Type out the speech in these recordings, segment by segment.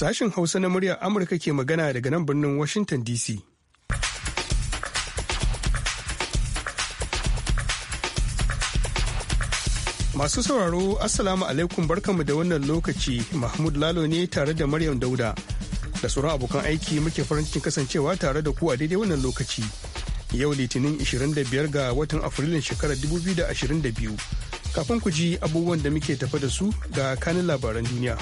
Sashen Hausa na muryar Amurka ke magana daga nan birnin Washington DC. Masu sauraro, Assalamu alaikum barkanmu da wannan lokaci Mahmud Lalo ne tare da Maryam Dauda. Da sauran abokan aiki muke farin cikin kasancewa tare da ku a daidai wannan lokaci. Yau Litinin 25 ga watan Afrilun shekarar 2022. Kafin ku ji abubuwan da muke tafa da su ga kanin labaran duniya.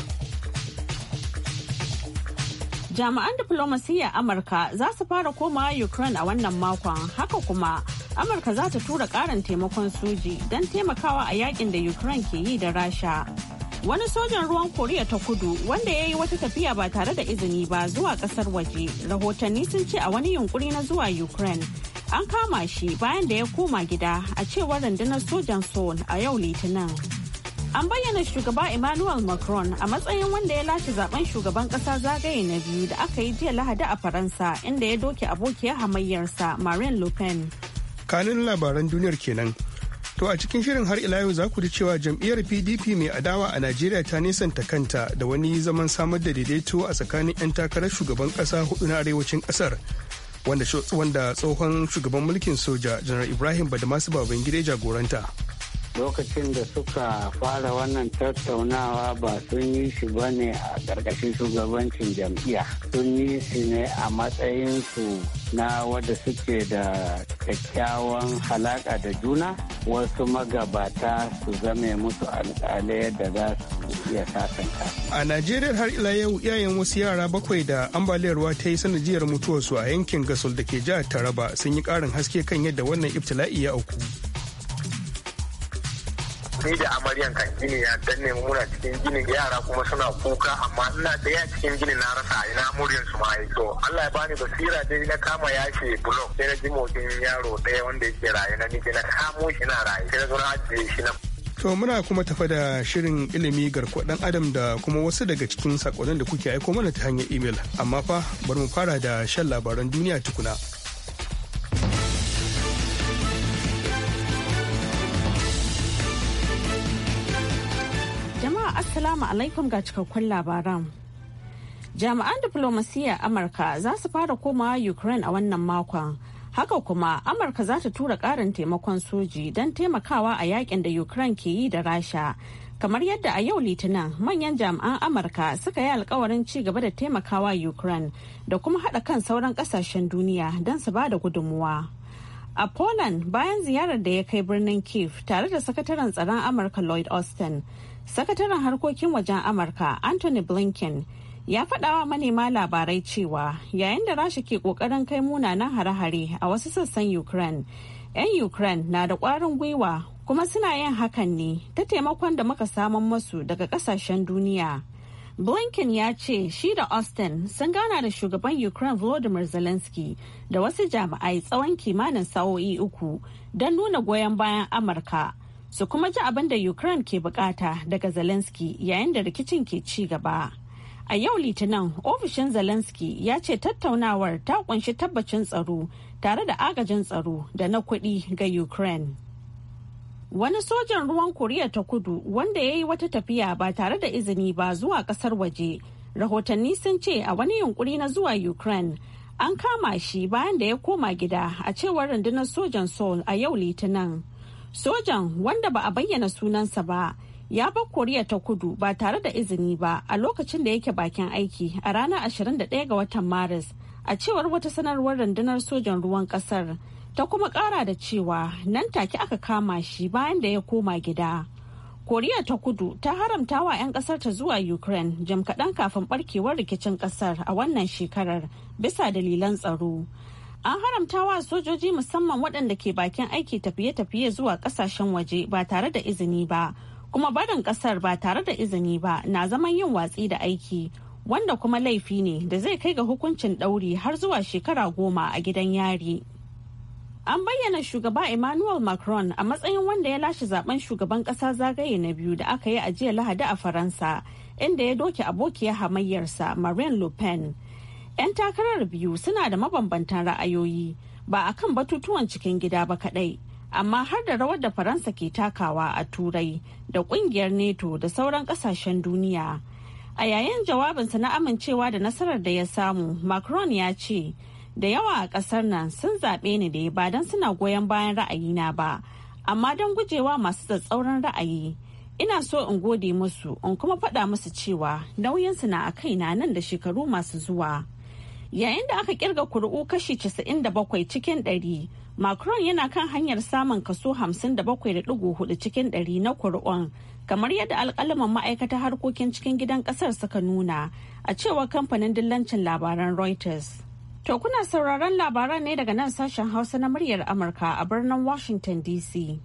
Jami'an diflomasiyyar Amurka za su fara komawa Ukraine a wannan makon. Haka kuma, Amurka za ta tura ƙarin taimakon soji don taimakawa a yakin da Ukraine ke yi da Rasha. Wani sojan ruwan Koriya ta kudu wanda ya yi wata tafiya ba tare da izini ba zuwa kasar waje. Rahotanni sun ce a wani yunkuri na zuwa Ukraine. An kama shi bayan da ya koma gida a cewar rundunar sojan Seoul a yau Litinin. An bayyana shugaba Emmanuel Macron a matsayin wanda ya lashe zaben shugaban kasa zagaye na biyu da aka yi jiya Lahadi a Faransa inda ya doke abokiyar hamayyarsa Marine Le Pen. Kanin labaran duniyar kenan. To a cikin shirin har ila yau za ku ji cewa jam'iyyar PDP mai adawa a Najeriya ta nisanta kanta da wani zaman samar da daidaito a tsakanin 'yan takarar shugaban kasa hudu na arewacin kasar. Wanda tsohon shugaban mulkin soja, Janar Ibrahim Badamasu Babangida jagoranta. lokacin da suka fara wannan tattaunawa ba sun yi shi ba ne a ƙarƙashin shugabancin jam'iyya sun yi shi ne a su na wadda suke da kyakkyawan halaƙa da juna wasu magabata su zame musu alƙalai da za su iya sasanta. A Najeriya har ila yau iyayen wasu yara bakwai da ambaliyar ruwa ta yi sanadiyar mutuwarsu a yankin Gasol da ke jihar Taraba sun yi ƙarin haske kan yadda wannan ibtila'i ya auku. ni da amaryan kan gini ya danne muna cikin gini yara kuma suna kuka amma ina tsaya cikin gini na rasa a ina muryan su ma to Allah ya bani basira dai na kama yashe blok sai na ji motsin yaro ɗaya wanda yake raye na nike na kamo shi na raye sai na zo na ajiye shi na To muna kuma tafa da shirin ilimi garkuwa dan adam da kuma wasu daga cikin sakonnin da kuke aiko mana ta hanyar imel amma fa bari mu fara da shan labaran duniya tukuna. Assalamu alaikum ga cikakkun labaran. Jami'an diflomasiyya Amurka za su fara komawa Ukraine a wannan makon. Haka kuma Amurka za ta tura ƙarin taimakon soji don taimakawa a yakin da Ukraine ke yi da Rasha. Kamar yadda a yau Litinin manyan jami'an Amurka suka yi alkawarin ci gaba da taimakawa Ukraine da kuma haɗa kan sauran ƙasashen duniya don su ba da gudunmuwa. A Poland bayan ziyarar da ya kai birnin Kiev tare da sakataren tsaron Amurka Lloyd Austin, sakataren harkokin wajen amurka anthony blinken ya faɗawa manema labarai cewa yayin da rasha ke ƙoƙarin kai munanan hare-hare a wasu sassan ukraine 'yan ukraine na da ƙwarin gwiwa kuma suna yin hakan ne ta taimakon da muka saman masu daga ƙasashen duniya blinken ya ce shi da austin sun gana da shugaban ukraine volodymyr zelensky da wasu jami'ai tsawon kimanin sa'o'i uku don nuna goyon bayan amurka su kuma ji abin da Ukraine ke bukata daga Zelensky yayin da rikicin ke ci gaba. A yau Litinin, ofishin Zelensky ya ce tattaunawar ta kunshi tabbacin tsaro tare da agajin tsaro da na kuɗi ga Ukraine. Wani sojan ruwan Koriya ta kudu wanda ya yi wata tafiya ba tare da izini ba zuwa kasar waje, rahotanni sun ce a wani yunkuri na zuwa Ukraine an kama shi bayan da ya koma gida a cewar rundunar sojan Seoul a yau Litinin. Sojan wanda ba a bayyana sunansa ba ya bar Koriya ta kudu ba tare da izini ba a lokacin da yake bakin aiki a ranar 21 ga watan Maris a cewar wata sanarwar rundunar sojan ruwan kasar ta kuma kara da cewa nan take aka kama shi bayan da ya koma gida. Koriya ta kudu ta haramta wa 'yan kasar ta zuwa Ukraine jam kaɗan kafin barkewar rikicin kasar a wannan shekarar bisa dalilan tsaro. An haramta wa sojoji musamman waɗanda ke bakin aiki tafiye-tafiye zuwa ƙasashen waje ba tare da izini ba, kuma barin ƙasar ba tare da izini ba na zaman yin watsi da aiki, wanda kuma laifi ne da zai kai ga hukuncin ɗauri har zuwa shekara goma a gidan yari. An bayyana shugaba Emmanuel Macron a matsayin wanda ya lashe zaben shugaban ƙasa zagaye na biyu da aka yi a jiya Lahadi a Faransa, inda ya doke abokiyar hamayyarsa Marine Le Pen. 'Yan takarar biyu suna da mabambantan ra'ayoyi ba a kan batutuwan cikin gida ba kaɗai, amma har da rawar da Faransa ke takawa a Turai da ƙungiyar neto da sauran ƙasashen duniya. A yayin jawabinsa na amincewa da nasarar da ya samu, Macron ya ce, da yawa a kasar nan sun zaɓe ni dai ba don suna goyon bayan ra'ayi na ba, amma don gujewa masu tsatsauran ra'ayi. ina so in gode musu in kuma faɗa musu cewa nauyinsu na a kaina nan da shekaru masu zuwa. Yayin da aka kirga kuri'u kashi 97 cikin 100, Macron yana kan hanyar samun kaso 57.4 cikin 100 na kuri'un, kamar yadda alkalaman ma'aikata harkokin cikin gidan kasar suka nuna, a cewa kamfanin dillancin labaran Reuters. To kuna sauraron labaran ne daga nan sashen Hausa na muryar Amurka a birnin Washington DC.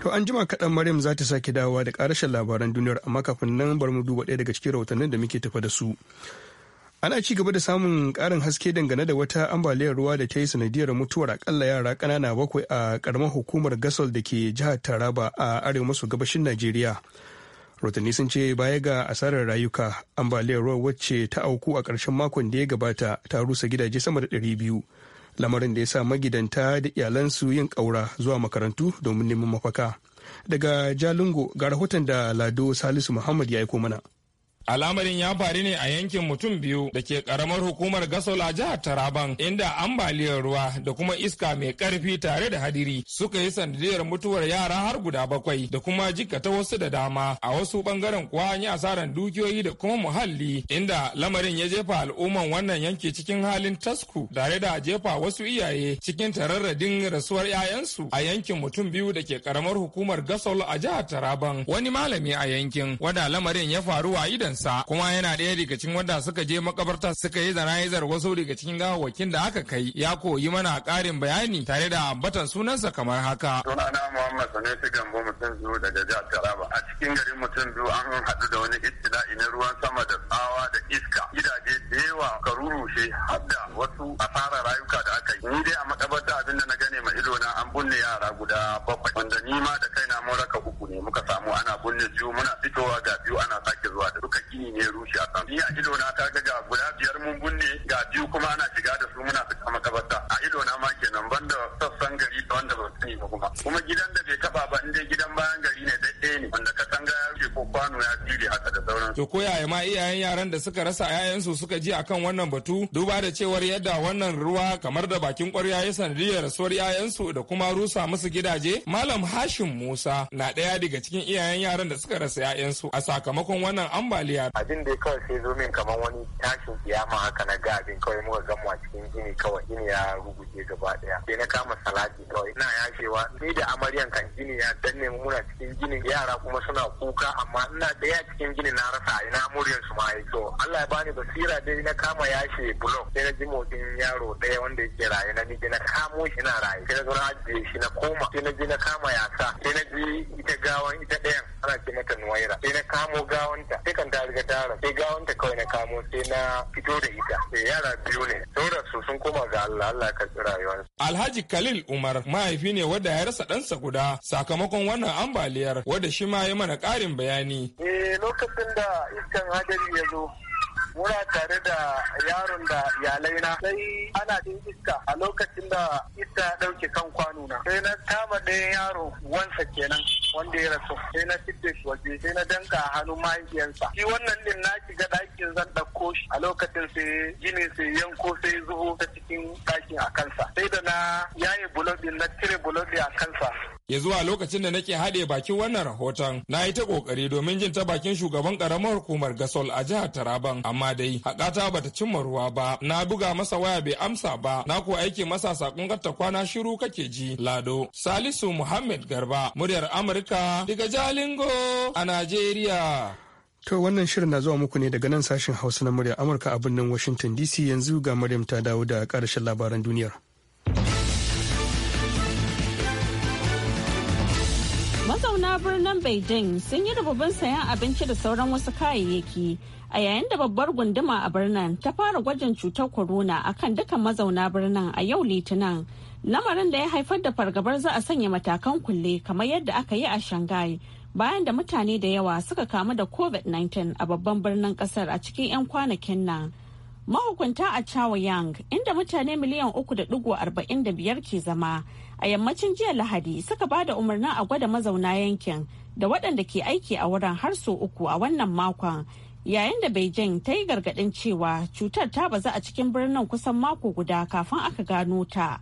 To an jima kaɗan Maryam za ta sake dawowa da ƙarashin labaran duniyar amma kafin nan bar mu duba ɗaya daga cikin rahotannin da muke tafa da su. Ana ci gaba da samun ƙarin haske dangane da wata ambaliyar ruwa da ta yi sanadiyar mutuwar akalla yara ƙanana bakwai a ƙaramar hukumar Gasol da ke jihar Taraba a arewa maso gabashin Najeriya. Rotanni sun ce baya ga asarar rayuka ambaliyar ruwa wacce ta auku a ƙarshen makon da ya gabata ta rusa gidaje sama da ɗari biyu. lamarin da ya sa magidanta da iyalansu yin ƙaura zuwa makarantu domin neman mafaka daga jalingo ga rahoton da lado salisu muhammad ya aiko mana Al'amarin ya faru ne a yankin mutum biyu da ke karamar hukumar Gasol a jihar Taraban inda ambaliyar ruwa da kuma iska mai karfi tare da hadiri suka yi sanadiyar mutuwar yara har guda bakwai da kuma jikata wasu da dama a wasu bangaren kuwa an yi asarar dukiyoyi da kuma muhalli inda lamarin ya jefa al'umman wannan yanki cikin halin tasku tare da jefa wasu iyaye cikin tararradin rasuwar 'ya'yansu a yankin mutum biyu da ke karamar hukumar Gasol a jihar Taraban wani malami a yankin wanda lamarin ya faru a idan kuma yana ɗaya daga cikin wanda suka je makabarta suka yi zana zana'izar wasu daga cikin wakin da aka kai ya koyi mana ƙarin bayani tare da ambatan sunansa kamar haka. Sunana Muhammad Sanusi Gambo mutum biyu daga jihar Taraba a cikin garin mutum biyu an haɗu da wani ibtila'i na ruwan sama da tsawa da iska gidaje da yawa ka rurushe har da wasu asarar rayuka da aka yi. Ni dai a makabarta abin da na gane ma ido na an bunne yara guda bakwai wanda ni ma da kaina mun raka uku ne muka samu ana bunne biyu muna fitowa ga biyu ana sake zuwa da duka da ne rushe a kan. Ni a ido na ta ga guda biyar mun bunne ga biyu kuma ana shiga da su muna fita makabarta. A ido na ma kenan banda sas To ko yaya ma iyayen yaran da suka rasa 'ya'yansu suka ji akan wannan batu duba da cewar yadda wannan ruwa kamar da bakin kwarya ya sanadiyar rasuwar 'ya'yansu da kuma rusa musu gidaje Malam Hashim Musa na ɗaya daga cikin iyayen yaran da suka rasa 'ya'yansu a sakamakon wannan ambaliya. Abin da kawai sai zo min kamar wani tashin kiyama haka na ga abin kawai muka gamu a cikin gini kawai gini ya rubuce gaba daya. Sai na kama salati kawai ina yashewa ni da amaryan kan gini ya danne muna cikin gini yara kuma suna kuka amma ina daya cikin gini na rasa ka ina muryan su ma yi so Allah ya bani basira dai na kama yashe blog sai na ji motsin yaro ɗaya wanda yake raye na nije na kamo shi na raye sai na zo ajiye shi na koma sai na ji na kama yasa sai na ji ita gawan ita ɗayan ana ce mata nuwaira sai na kamo gawanta sai kan ta riga tara sai gawanta kawai na kamo sai na fito da ita sai eh, yara biyu ne sauran su sun koma ga Allah Allah ya karɓi rayuwarsu. Alhaji Khalil Umar mahaifi ne wanda ya rasa ɗansa guda sakamakon wannan ambaliyar wanda shi ma ya mana ƙarin bayani. Eh lokacin da da iskan hadari ya zo muna tare da yaron da iyalai na sai ana din iska a lokacin da iska ya dauke kan kwano na sai na kama ɗayan yaro wansa kenan wanda ya rasu sai na fitte shi waje sai na danka a hannun mahaifiyarsa shi wannan din na shiga ɗakin zan ɗauko shi a lokacin sai gini sai yanko sai zuho ta cikin ɗakin a kansa sai da na yaye bulobi na cire bulobi a kansa ya zuwa lokacin da nake haɗe bakin wannan rahoton na yi ta ƙoƙari domin jin ta bakin shugaban ƙaramar hukumar gasol a jihar taraban amma amma dai haƙata bata cimma ruwa ba na buga masa waya bai amsa ba na kuwa aike masa sakon karta kwana shiru kake ji lado salisu muhammad garba muryar amurka daga jalingo a najeriya To wannan shirin na zuwa muku ne daga nan sashen Hausa na muryar Amurka a birnin Washington DC yanzu ga Maryam ta dawo da ƙarashin labaran duniyar. Mazauna birnin Beijing sun yi rububin sayan abinci da sauran wasu kayayyaki a yayin da babbar gunduma a birnin ta fara gwajin cutar corona a kan dukkan mazauna birnin a yau litinin. Lamarin da ya haifar da fargabar za a sanya matakan kulle kamar yadda aka yi a Shanghai bayan da mutane da yawa suka kamu da COVID-19 a babban birnin kasar a cikin 'yan kwanakin nan. Mahukunta a Chao Yang inda mutane miliyan 3.45 ke zama a yammacin jiya lahadi suka ba da umarnin a gwada mazauna yankin da waɗanda ke aiki a wurin har sau uku a wannan makon yayin da beijing ta yi gargaɗin cewa cutar ta bazu a cikin birnin kusan mako guda kafin aka gano ta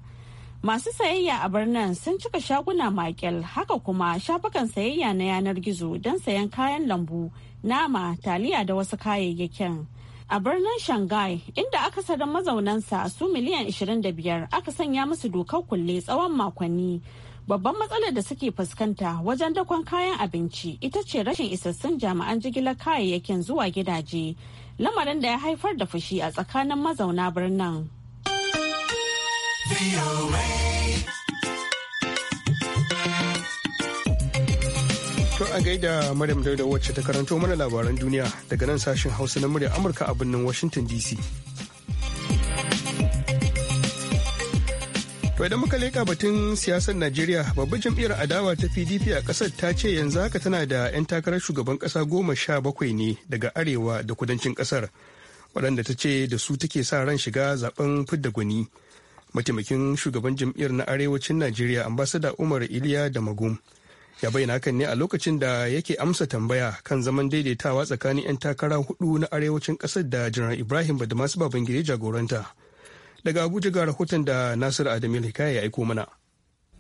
masu sayayya a birnin sun cika shaguna makil haka kuma shafukan sayayya na yanar gizo don sayan kayan lambu nama taliya da wasu kayayyakin a birnin shanghai inda aka akasarin mazaunansa su miliyan 25 aka sanya musu dokar kulle tsawon makonni babban matsalar da suke fuskanta wajen dakon kayan abinci ita ce rashin isassun jami'an jigilar kayayyakin zuwa gidaje lamarin da ya haifar da fushi a tsakanin mazauna birnin. To a gaida Maryam Dauda wacce ta karanto mana labaran duniya daga nan sashen Hausa na murya Amurka a birnin Washington DC. To idan muka leƙa batun siyasar Najeriya babbar jam'iyyar adawa ta PDP a ƙasar ta ce yanzu haka tana da 'yan takarar shugaban ƙasa goma sha bakwai ne daga arewa da kudancin ƙasar waɗanda ta ce da su take sa ran shiga zaben fidda gwani. Mataimakin shugaban jam'iyyar na arewacin Najeriya ambasada Umar Iliya da Magum. ya bayyana hakan ne a lokacin da yake amsa tambaya kan zaman daidaitawa tsakanin 'yan takara hudu na arewacin kasar da jiran ibrahim masu babangire jagoranta daga abuja ga rahoton da nasir adamu hikaya ya aiko mana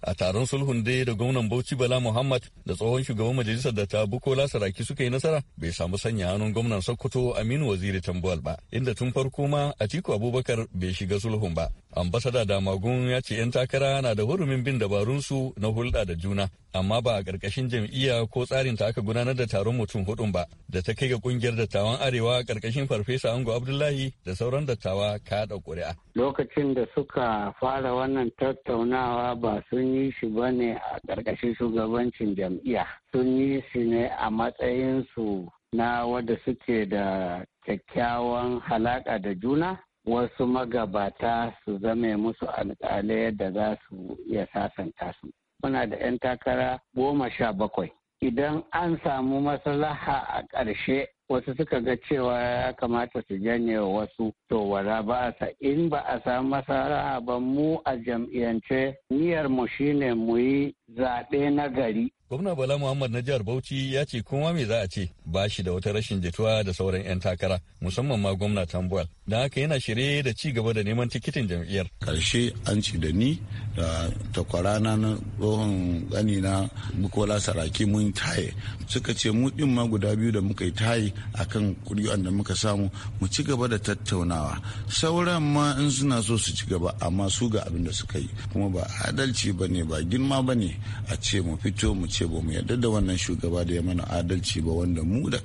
a taron sulhun dai da gwamnan bauchi bala muhammad da tsohon shugaban majalisar da ta bukola saraki suka yi nasara bai samu sanya hannun gwamnan sokoto aminu waziri tambuwal ba inda tun farko ma a tiku abubakar bai shiga sulhun ba ambasada magun ya ce 'yan takara na da hurumin bin dabarun su na hulɗa da juna amma ba a ƙarƙashin jam'iyya ko tsarin ta aka gudanar da taron mutum hudun ba da ta kai ga ƙungiyar dattawan arewa ƙarƙashin farfesa ango abdullahi da sauran dattawa kaɗa ƙuri'a lokacin da suka fara wannan tattaunawa ba sun sun yi shi ba ne a ƙarƙashin shugabancin jam'iyya sun yi shi ne a matsayinsu na wadda suke da kyakkyawan halaƙa da juna wasu magabata su zame musu alƙalai da za su iya sasanta su muna da 'yan takara goma sha bakwai idan an samu maslaha a ƙarshe wasu suka ga cewa ya kamata su janye wasu to wala ba sa in ba a sa masara ba mu a jam'iyyance niyyar mu shine mu yi zaɓe na gari Gwamna Bala Muhammad na jihar Bauchi ya ce kuma me za a ce ba shi da wata rashin jituwa da sauran 'yan takara musamman ma gwamna Tambuwal. Don haka yana shirye da ci gaba da neman tikitin jam'iyyar. Karshe an ci da ni da takwarana na tsohon gani na Bukola Saraki mun taye. Suka ce mu din ma guda biyu da muka yi taye kan kuri'an da muka samu mu ci gaba da tattaunawa. Sauran ma in suna so su ci gaba amma su ga abin da suka yi. Kuma ba adalci ba ne ba girma ba ne a ce mu fito mu ci ce ba mu yarda da wannan shugaba da ya mana adalci ba wanda mu da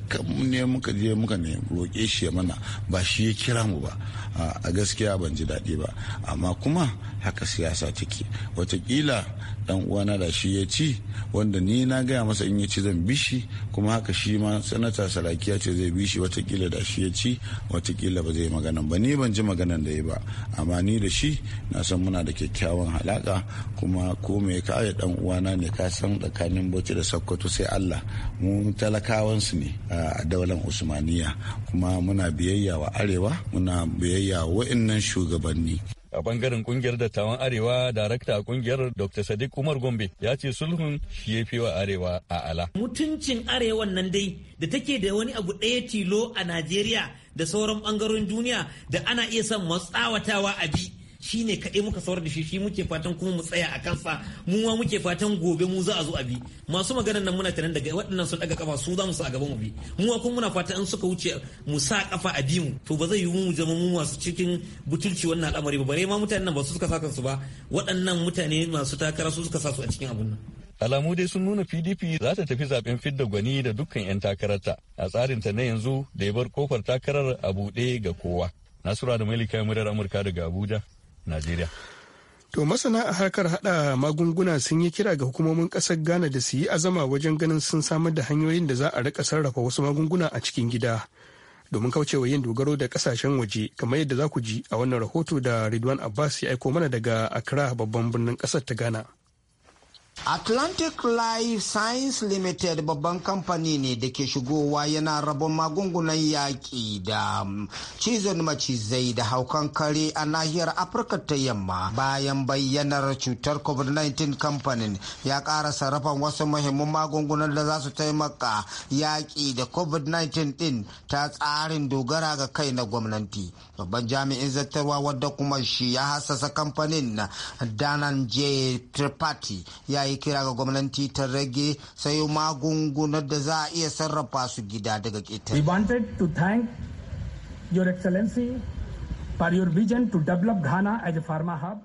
ne muka je muka ne roƙe shi ya mana ba shi ya kira mu ba a gaskiya ban ji daɗi ba amma kuma haka siyasa take watakila dan uwana da shi ya ci wanda ni na gaya masa in ya ci zan bi shi kuma haka shi ma sanata sarakiya ce zai bi shi watakila da shi ya ci watakila ba zai magana ba ni ban ji maganan da ya ba amma ni da shi na san muna da kyakkyawan halaka kuma ko me ka dan uwana ne ka san tsakanin tsakanin Bauchi da Sokoto sai Allah mu talakawansu ne a daular Usmaniya kuma muna biyayya wa Arewa muna biyayya wa shugabanni. a bangaren kungiyar dattawan arewa darakta kungiyar dr sadiq umar gombe ya ce sulhun shi ya fi wa arewa a ala mutuncin arewa nan dai da take da wani abu ɗaya tilo a najeriya da sauran bangaren duniya da ana iya son matsawatawa a bi shi ne kaɗai muka saurar da shi shi muke fatan kuma mu tsaya a kansa mu ma muke fatan gobe mu za a zo a bi masu maganar nan muna tunan daga waɗannan sun daga kafa su za mu sa a gaba mu bi mu ma kuma muna fatan in suka wuce mu sa kafa a bi mu to ba zai yi mu zama mu masu cikin butulci wannan al'amari ba bare ma mutanen nan ba su suka sa kansu ba waɗannan mutane masu takara su suka sa su a cikin abun nan alamu dai sun nuna pdp za ta tafi zaben fidda gwani da dukkan 'yan takararta a tsarinta na yanzu da ya bar kofar takarar a buɗe ga kowa nasura da mailika murar amurka daga abuja najeriya To masana a harkar hada magunguna sun yi kira ga hukumomin kasar Ghana da su yi azama wajen ganin sun samar da hanyoyin da za a rika sarrafa wasu magunguna a cikin gida domin kaucewa yin dogaro da kasashen waje kamar yadda za ku ji a wannan rahoto da Ridwan Abbas ya aiko mana daga Accra babban birnin kasar ta Ghana. Atlantic Life Science Limited babban kamfani ne da ke shigowa yana rabon magungunan yaƙi da cizon macizai da haukan kare a nahiyar Afirka ta yamma bayan bayyanar cutar COVID-19 kamfanin ya ƙara sarrafan wasu muhimman magungunan da za su taimaka yaƙi da COVID-19 ɗin ta tsarin dogara ga kai na gwamnati. Babban jami'in zattarwa wadda kuma shi ya hassasa kamfanin Danan J. Tripathi ya yi kira ga gwamnati ta rage magungunan da za a iya sarrafa su gida daga ƙetare. We wanted to thank Your Excellency for your vision to develop Ghana as a pharma hub.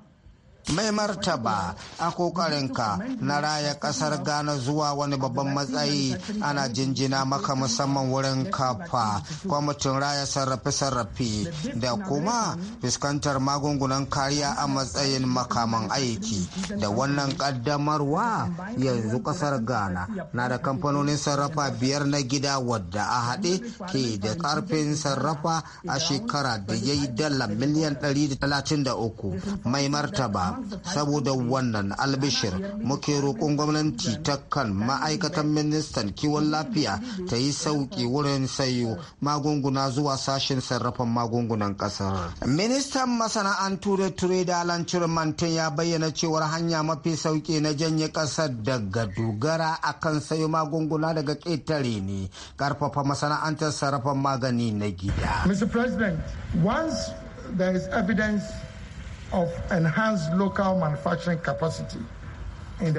mai martaba a kokarinka na raya kasar ghana zuwa wani babban matsayi ana jinjina maka musamman wurin kafa kwamitin raya sarrafe-sarrafe da kuma fuskantar magungunan kariya a matsayin makaman aiki da wannan kaddamarwa yanzu kasar ghana na da kamfanonin sarrafa biyar na gida wadda a haɗe ke da karfin sarrafa a shekara da ya yi dala miliyan 133 mai martaba saboda wannan albishir muke roƙon gwamnati ta kan ma'aikatan ministan kiwon lafiya ta yi sauƙi wurin sayo magunguna zuwa sashen sarrafan magungunan ƙasar ministan masana'antu da ture da alancin mantin ya bayyana cewar hanya mafi sauƙi na janye ƙasar daga dogara akan sayo magunguna daga ƙetare ne karfafa masana'antar sarrafan magani na gida. Mr. President, once there is evidence of enhanced local manufacturing capacity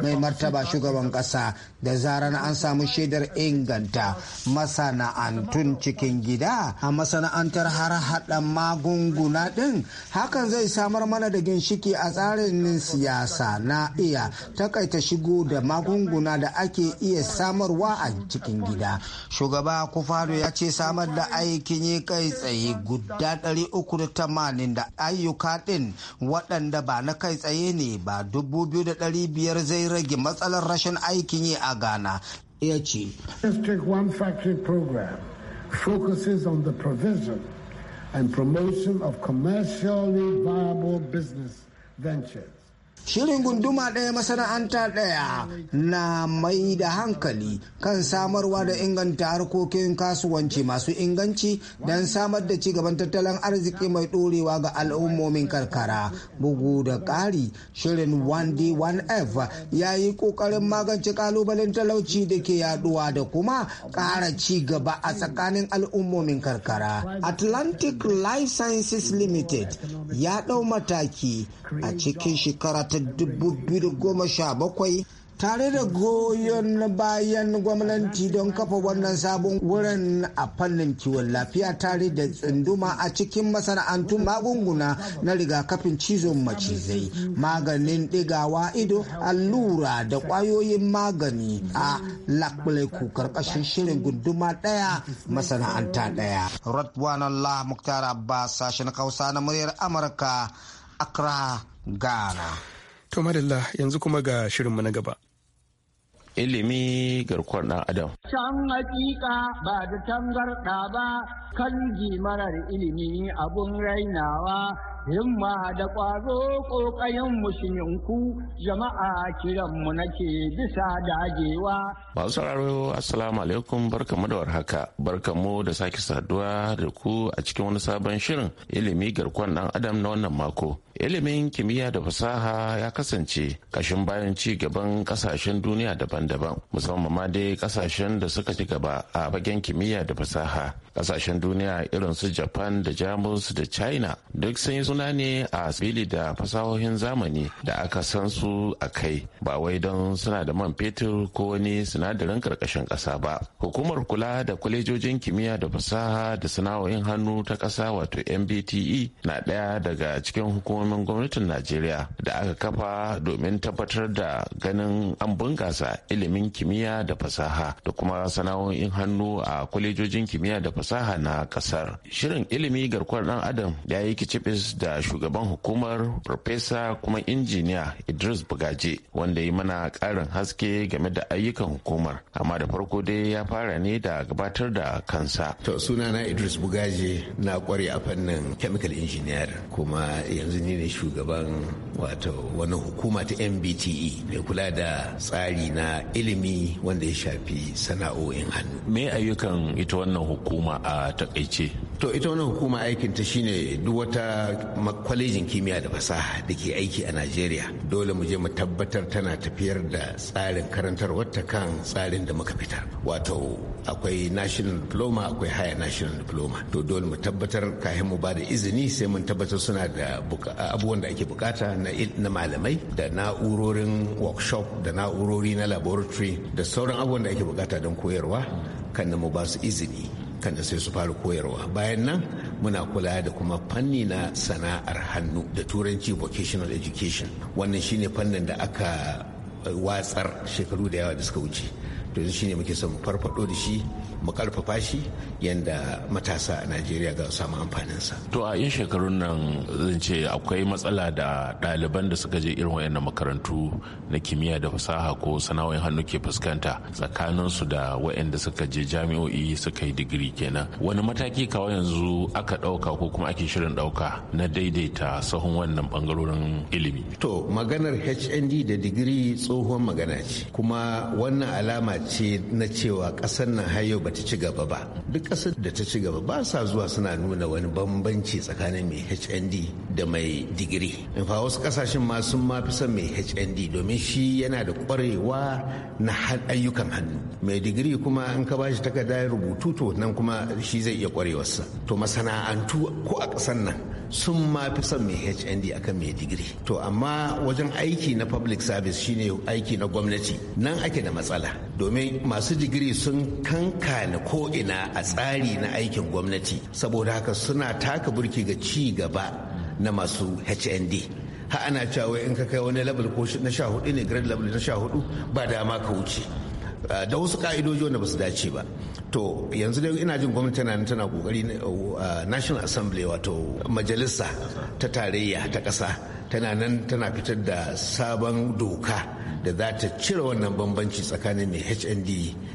mai martaba shugaban kasa da zarar an samu shaidar inganta masana'antun cikin gida a masana'antar har haɗa magunguna ɗin hakan zai samar mana da ginshiki a tsarin siyasa na iya takaita shigo da magunguna da ake iya samarwa a cikin gida shugaba kufado ya ce samar da aikin yi kai tsaye guda 380 da ayyuka ɗin waɗanda ba na kai tsaye ne ba 2,500 zai rage matsalar rashin aikin yi a ghana ya ce focuses on the provision and promotion of commercially viable business ventures Shirin gunduma ɗaya masana'anta ɗaya na mai da hankali kan samarwa da inganta harkokin kasuwanci masu inganci don samar da ci gaban tattalin arziki mai ɗorewa ga al'ummomin karkara. Bugu da ƙari, shirin 1D1F ya yi ƙoƙarin magance ƙalubalen talauci da ke yaduwa da kuma ƙara ci gaba a tsakanin al'ummomin karkara. Atlantic Life Sciences Limited ya ɗau mataki a cikin shekara ta ta 2017 tare da goyon bayan gwamnati don kafa wannan sabon wurin a fannin kiwon lafiya tare da tsunduma a cikin masana'antu magunguna na rigakafin cizon macizai maganin digawa ido allura da kwayoyin magani a lakbaleku karkashin shirin gunduma daya masana'anta daya. radwan allah muktar abbas sashen kausa na muryar amurka akra ghana To madalla yanzu kuma ga shirinmu na gaba. Ilimi garkuwar ɗan Adam. Can hakika ba da tangarɗa ba kan ji marar ilimi abun rainawa himma da ƙwazo ƙoƙayen musulunku jama'a kiranmu nake bisa dagewa. Masu sauraro Assalamu alaikum barkamu da warhaka barkamu da sake saduwa da ku a cikin wani sabon shirin ilimi garkuwar ɗan Adam na wannan mako. ilimin kimiyya da fasaha ya kasance kashin bayan ci gaban kasashen duniya daban-daban musamman ma dai kasashen da suka ci gaba a fagen kimiyya da fasaha kasashen duniya irin su japan da jamus da china duk sun yi suna ne a fili da fasahohin zamani da aka san su a kai ba wai don suna da man fetur ko wani sinadarin karkashin kasa ba hukumar kula da kwalejojin kimiyya da fasaha da sana'o'in hannu ta kasa wato mbte na daya daga cikin hukumomi hukumomin gwamnatin najeriya da aka kafa domin tabbatar da ganin an bunkasa ilimin kimiyya da fasaha da kuma sana'o'in hannu a kwalejojin kimiyya da fasaha na kasar shirin ilimi garkuwar dan adam ya yi kicibis da shugaban hukumar farfesa kuma injiniya idris bugaje wanda yi mana karin haske game da ayyukan hukumar amma da farko dai ya fara ne da gabatar da kansa to sunana idris bugaje na kware a fannin chemical engineer kuma yanzu ni ne shugaban wato wani hukuma ta mbte mai kula da tsari na ilimi wanda ya shafi sana'o'in hannu me ayyukan ita wannan hukuma a takaice to ita wannan hukuma aikin ta shine duk wata kwalejin kimiyya da fasaha da ke aiki a najeriya dole mu je mu tabbatar tana tafiyar da tsarin karantar wata kan tsarin da muka fitar wato akwai national diploma akwai higher national diploma to dole mu tabbatar kafin mu ba da izini sai mun tabbatar suna da abubuwan da ake bukata na malamai da na'urorin workshop da na'urori na laboratory da sauran abubuwan da ake bukata don koyarwa kan mu ba su izini kan da sai su fara koyarwa bayan nan muna kula da kuma fanni na sana'ar hannu da turanci vocational education wannan shine fannin da aka watsar shekaru da yawa da suka wuce to yanzu shine muke son mu farfado da shi mu karfafa shi yadda matasa a najeriya ga samu amfaninsa to a yin shekarun nan zan ce akwai matsala da ɗaliban da suka je irin wayannan makarantu na kimiyya da fasaha ko sana'o'in hannu ke fuskanta tsakanin su da wayanda suka je jami'o'i suka yi digiri kenan wani mataki kawo yanzu aka ɗauka ko kuma ake shirin ɗauka na daidaita sahun wannan bangarorin ilimi to maganar hnd da digiri tsohon magana ce kuma wannan alama ce na cewa ƙasar nan har yau ba ta ci gaba ba duk ƙasar da ta ci gaba ba sa zuwa suna nuna wani bambanci tsakanin mai hnd da mai digiri in fa wasu ƙasashen ma sun ma fi son mai hnd domin shi yana da ƙwarewa na ayyukan hannu mai digiri kuma in ka bashi takarda rubutu to nan kuma shi zai iya ƙwarewarsa to masana'antu ko a ƙasar nan sun ma fi son mai hnd akan mai digiri to amma wajen aiki na public service shine aiki na gwamnati nan ake da matsala domin masu digiri sun kanka na ko'ina a tsari na aikin gwamnati saboda haka suna taka burki ga ci gaba na masu hnd Ha ana cewa in ka kai wani level ko na sha hudu ne grade level na sha hudu ba dama ka wuce ah, da wasu ka'idoji wanda ba su dace ba to yanzu dai ina jin gwamnati tana tana kokari uh, national assembly wato majalisa ta tarayya ta ƙasa tana nan tana fitar da sabon doka da za ta cire wannan bambanci tsakanin mai hnd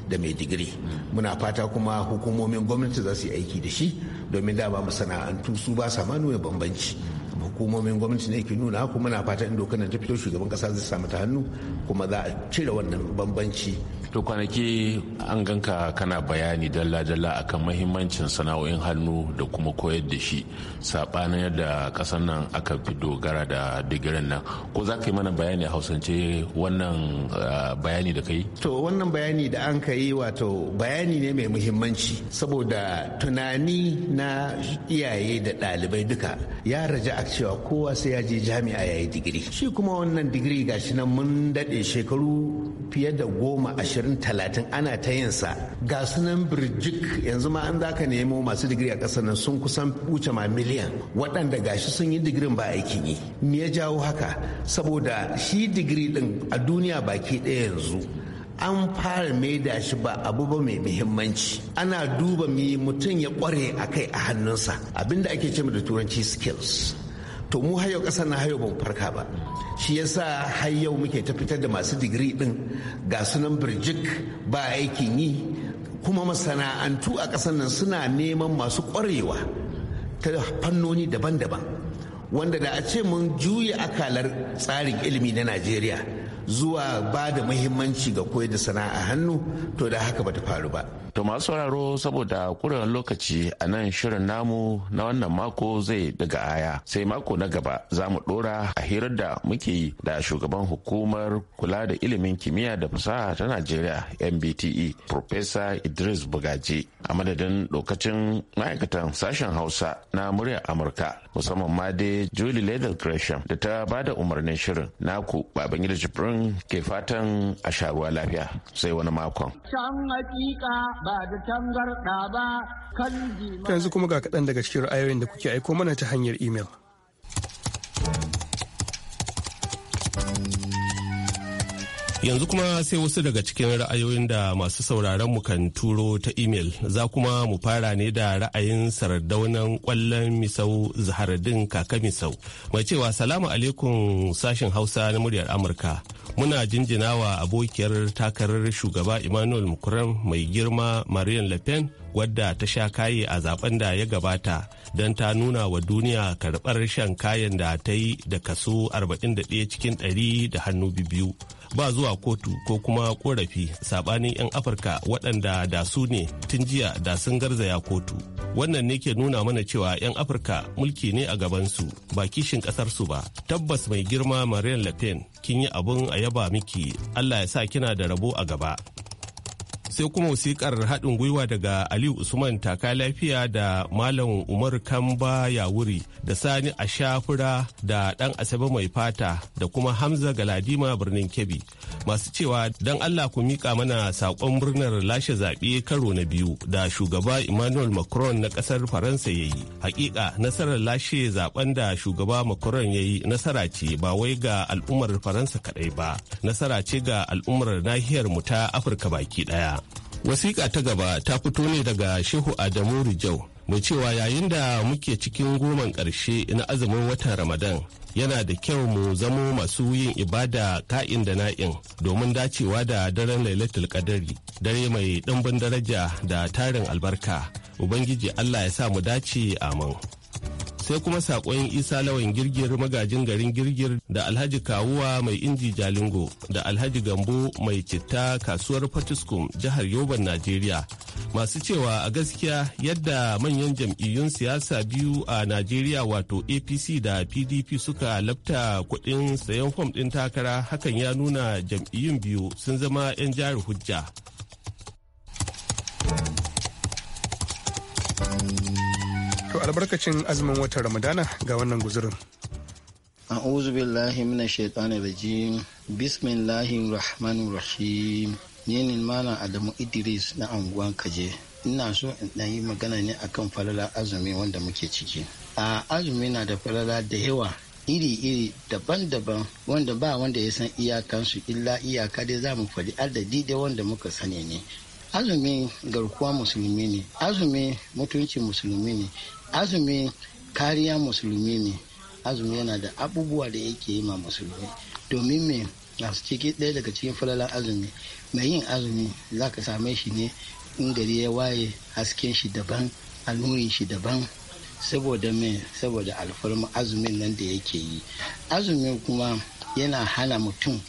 da mai digiri muna fata kuma hukumomin gwamnati za su yi aiki da shi domin dama masana'antu su ba sa ma nuna bambanci hukumomin gwamnati ne ke nuna kuma muna fata in dokar ta fito shugaban kasa zai samu ta hannu kuma za a cire wannan bambanci to kwanaki an ganka kana bayani dalla-dalla akan mahimmancin sana'o'in hannu da kuma koyar da shi saɓanin yadda ƙasar nan aka fi dogara da digirin nan ko za ka yi mana bayani a hausance wannan eh, bayani da ka yi to wannan bayani da an ka yi wato bayani ne mai muhimmanci saboda tunani na iyaye da ɗalibai duka ya raja a cewa kowa sai ya je jami'a ya yi digiri shi kuma wannan digiri gashi nan mun daɗe shekaru fiye da goma ashirin talatin ana ta yin sa ga sunan birjik yanzu ma an zaka nemo masu digiri a ƙasar nan sun kusan wuce ma miliyan waɗanda gashi sun yi digirin ba aikin yi me ya jawo haka saboda shi digiri ɗin a duniya baki ɗaya yanzu an fara maida shi ba abu ba mai muhimmanci ana duba mi mutum ya kware a kai a hannunsa abinda ake ce da turanci skills to mu hayo ƙasar na hayo ban farka ba shi yasa har yau muke ta fitar da masu digiri din ga sunan birjik ba aikin yi kuma masana'antu a ƙasar nan suna neman masu ƙwarewa ta fannoni daban-daban wanda da a ce mun juya akalar tsarin ilimi na najeriya zuwa ba da muhimmanci ga koyar da sana'a hannu to da haka ba ta faru ba To masu sauraro saboda kuran lokaci a nan shirin namu na wannan mako zai daga aya sai mako na gaba za mu dora a hirar da muke yi da shugaban hukumar kula da ilimin kimiyya da fasaha ta Najeriya MBTE Professor Idris Bugaji a madadin lokacin ma'aikatan sashen Hausa na muryar Amurka musamman ma dai Julie Leather Gresham da ta ba da umarnin shirin naku Babangida Jibrin ke fatan a sharuwa lafiya sai wani makon. ba da tangarɗa ba kan yanzu kuma ga kaɗan daga cikin ra'ayoyin da kuke aiko mana ta hanyar imel. Yanzu kuma sai wasu daga cikin ra'ayoyin da masu sauraron mu kan turo ta imel za kuma mu fara ne da ra'ayin sardaunan kwallon misau zaharadin kaka misau mai cewa salamu alaikum sashen hausa na muryar amurka muna jinjinawa abokiyar takarar shugaba emmanuel mukuran mai girma marian le wadda ta sha kaye a zaben da ya gabata don ta nuna wa duniya karbar shan kayan da ta yi da kaso 41 cikin 100 da hannu biyu ba zuwa kotu ko kuma korafi sabanin 'yan afirka waɗanda da su ne tun jiya da sun garzaya kotu wannan ne ke nuna mana cewa 'yan afirka mulki ne a gabansu ba kishin ƙasarsu ba tabbas mai girma marian le kin yi abun a yaba miki allah ya sa kina da rabo a gaba sai kuma wasikar haɗin gwiwa daga aliyu usman taka lafiya da malam umar kamba yawuri da sani ashafura da ɗan asabe mai fata da kuma hamza galadima birnin kebbi masu cewa don allah ku miƙa mana saƙon murnar lashe zaɓe karo na biyu da shugaba emmanuel macron na ƙasar faransa ya yi hakika nasarar lashe zaɓen da shugaba macron ya yi nasara ce ba wai ga al'ummar faransa kaɗai ba nasara ce ga al'ummar nahiyar mu ta afirka baki ɗaya wasiƙa ta gaba ta fito ne daga shehu adamu rijau mai cewa yayin da muke cikin goman ƙarshe na azumin watan ramadan yana da kyau mu zamo masu yin ibada ka'in da na'in domin dacewa da daren lailatul kadari dare mai ɗumbin daraja da tarin albarka ubangiji allah ya sa mu dace amin sai kuma sakon isa lawan girgir magajin garin girgir da alhaji kawuwa mai inji jalingo da alhaji gambo mai citta kasuwar fatiskum jihar yoban najeriya masu cewa a gaskiya yadda manyan jam'iyyun siyasa biyu a najeriya wato apc da pdp suka labta kuɗin sayan fom ɗin takara hakan ya nuna jam'iyyun biyu sun zama 'yan jari hujja albarkacin azumin watan Ramadana ga wannan guzurin. أعوذ بالله من الشيطان الرجيم بسم الله mana Adamu Idris na anguwan Kaje ina so in yi magana ne akan falala azumi wanda muke ciki a azumi na da falala da yawa iri-iri daban-daban wanda ba wanda ya san iyakansu illa iyaka dai za mu faɗi adadi da wanda muka sani ne azumi garkuwa musulmi ne azumi mutunci musulmi ne azumi kariya musulmi ne azumi yana da abubuwa da yake yi ma musulmi domin me masu ciki ɗaya daga cikin falalan azumi mai yin azumi za ka same shi ne in gari ya waye hasken shi daban alurin shi daban saboda me saboda alfarma azumin nan da yake yi azumi kuma yana hana mutum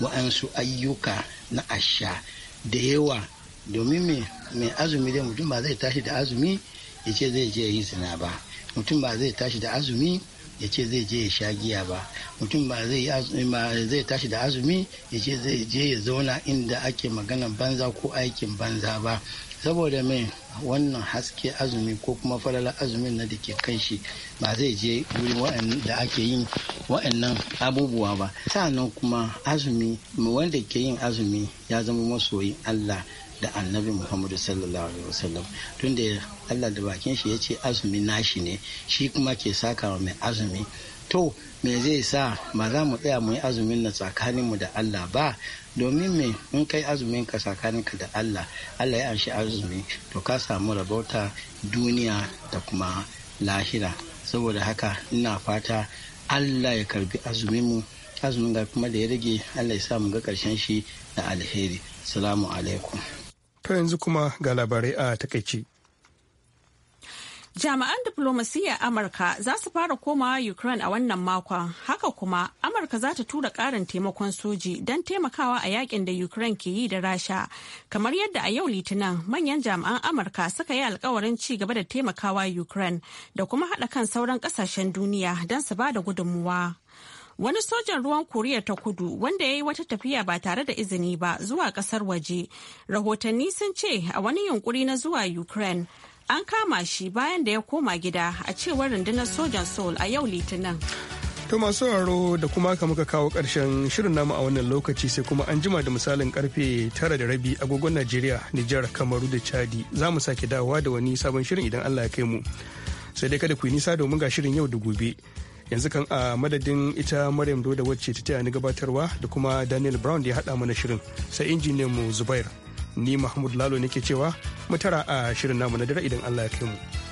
wa'ansu ayyuka na asha da yawa domin me mai azumi dai mutum ba zai tashi da azumi ya ce zai je yi zina ba mutum ba zai tashi da azumi ya ce zai je ya sha giya ba mutum ba zai tashi da azumi ya ce zai je ya zauna inda ake maganan banza ko aikin banza ba saboda mai wannan haske azumi ko kuma falalar azumin na da ke kan shi ba zai je wurin da ake yin wa'annan abubuwa ba sa'annan kuma azumi wanda ke yin azumi ya zama masoyi allah da annabi muhammadu sallallahu alaihi wasallam tunda allah da bakin shi ya ce azumi nashi ne shi kuma ke sakawa mai azumi to me zai sa ba za mu tsaya mu yi azumin na tsakaninmu da allah ba domin me in kai azumin ka tsakaninka da allah allah ya anshi azumi to ka samu rabauta duniya da kuma lahira saboda haka ina fata allah ya karbi azuminmu azumin ga kuma da ya rage allah ya sa mu ga karshen shi da alheri salamu alaikum To yanzu kuma ga labarai a takaici. Jami'an diflomasiyyar Amurka za su fara komawa Ukraine a wannan makon. Haka kuma, Amurka za ta tura ƙarin taimakon soji don taimakawa a yakin da Ukraine ke yi da Rasha. Kamar yadda a yau Litinin manyan jami'an Amurka suka yi alkawarin ci gaba da taimakawa Ukraine da kuma haɗa kan sauran ƙasashen duniya don su ba da gudunmuwa. Wani sojan ruwan Koriya ta kudu wanda ya yi wata tafiya ba tare da izini ba zuwa kasar waje. Rahotanni sun ce a wani yunkuri na zuwa Ukraine an kama shi bayan da ya koma gida a cewar rundunar sojan sol a yau Litinin. To masu sauraro da kuma ka muka kawo ƙarshen shirin namu a wannan lokaci sai kuma an jima da misalin karfe tara da rabi agogon Najeriya, Nijar, Kamaru da Chadi za mu sake dawowa da wani sabon shirin idan Allah ya kai mu. Sai dai kada ku yi nisa domin ga shirin yau da gobe. yanzu kan a madadin ita maryam doda wacce ta taya ni gabatarwa da kuma daniel brown da ya haɗa mana shirin sai injiniyan mu zubair ni mahmud lalo nake cewa mu tara a shirin namu na dare idan allah ya kai mu